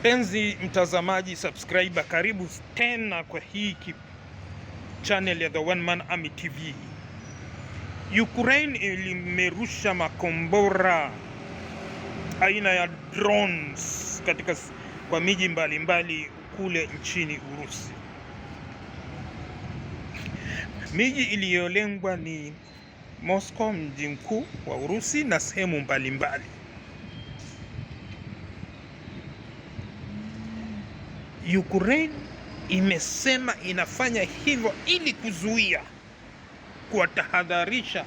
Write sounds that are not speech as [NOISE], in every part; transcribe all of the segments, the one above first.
Mpenzi mtazamaji subscriber, karibu tena kwa hii channel ya The One Man Army TV. Ukraine ilimerusha makombora aina ya drones katika kwa miji mbalimbali kule nchini Urusi. Miji iliyolengwa ni Moscow, mji mkuu wa Urusi na sehemu mbalimbali. Ukraine imesema inafanya hivyo ili kuzuia, kuwatahadharisha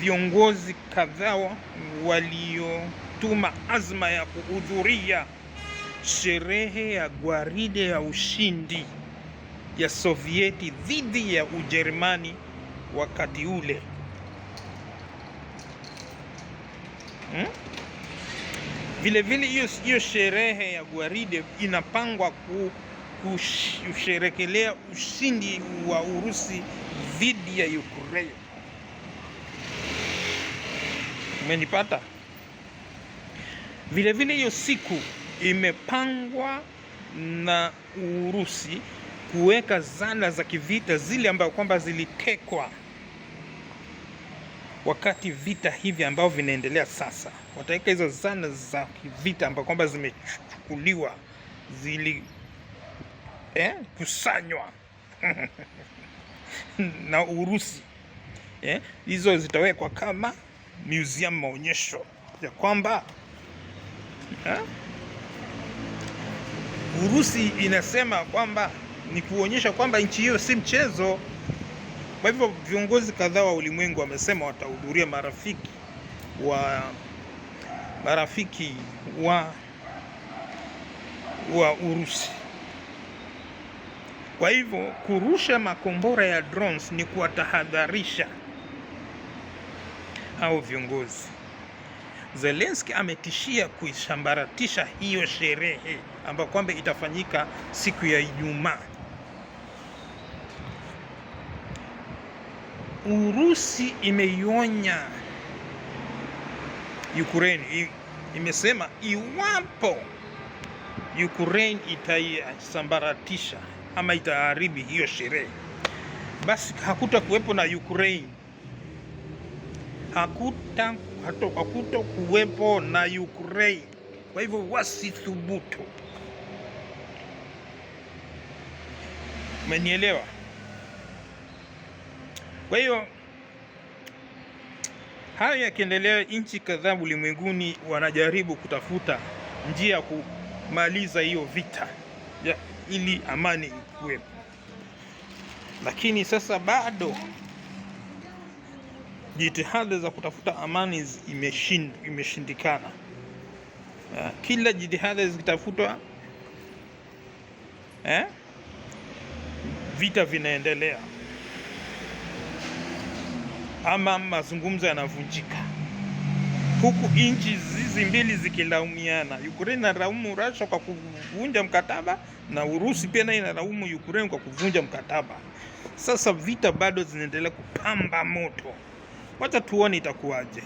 viongozi kadhaa waliotuma azma ya kuhudhuria sherehe ya gwaride ya ushindi ya Sovieti dhidi ya Ujerumani wakati ule hmm? Vilevile hiyo hiyo sherehe ya gwaride inapangwa ku, kusherekelea ushindi wa Urusi dhidi ya Ukraine. Umenipata? Vilevile hiyo siku imepangwa na Urusi kuweka zana za kivita zile ambayo kwamba zilitekwa wakati vita hivi ambavyo vinaendelea sasa, wataweka hizo zana za vita ambao kwamba zimechukuliwa zilikusanywa eh, [LAUGHS] na Urusi eh, hizo zitawekwa kama museum maonyesho ya kwamba eh, Urusi inasema kwamba ni kuonyesha kwamba nchi hiyo si mchezo. Kwa hivyo viongozi kadhaa wa ulimwengu wamesema watahudhuria marafiki wa marafiki wa wa Urusi. Kwa hivyo kurusha makombora ya drones ni kuwatahadharisha hao viongozi. Zelensky ametishia kuishambaratisha hiyo sherehe ambayo kwamba itafanyika siku ya Ijumaa. Urusi imeionya Ukraine, imesema iwapo Ukraine itaisambaratisha ama itaharibi hiyo sherehe, basi hakuta kuwepo na Ukraine, hakuta hakuta kuwepo na Ukraine. Kwa hivyo wasithubutu, umenielewa? Kwa hiyo hayo yakiendelea, nchi kadhaa ulimwenguni wanajaribu kutafuta njia ya kumaliza hiyo vita ya ili amani ikuwepo, lakini sasa bado jitihada za kutafuta amani imeshind, imeshindikana. Kila jitihada zikitafutwa eh, vita vinaendelea ama mazungumzo yanavunjika, huku nchi hizi mbili zikilaumiana. Ukraine inalaumu Russia kwa kuvunja mkataba na Urusi pia nayo inalaumu Ukraine kwa kuvunja mkataba. Sasa vita bado zinaendelea kupamba moto, wacha tuone itakuwaje.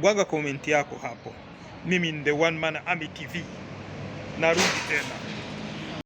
Bwaga komenti yako hapo. Mimi ni the one man army TV, narudi tena.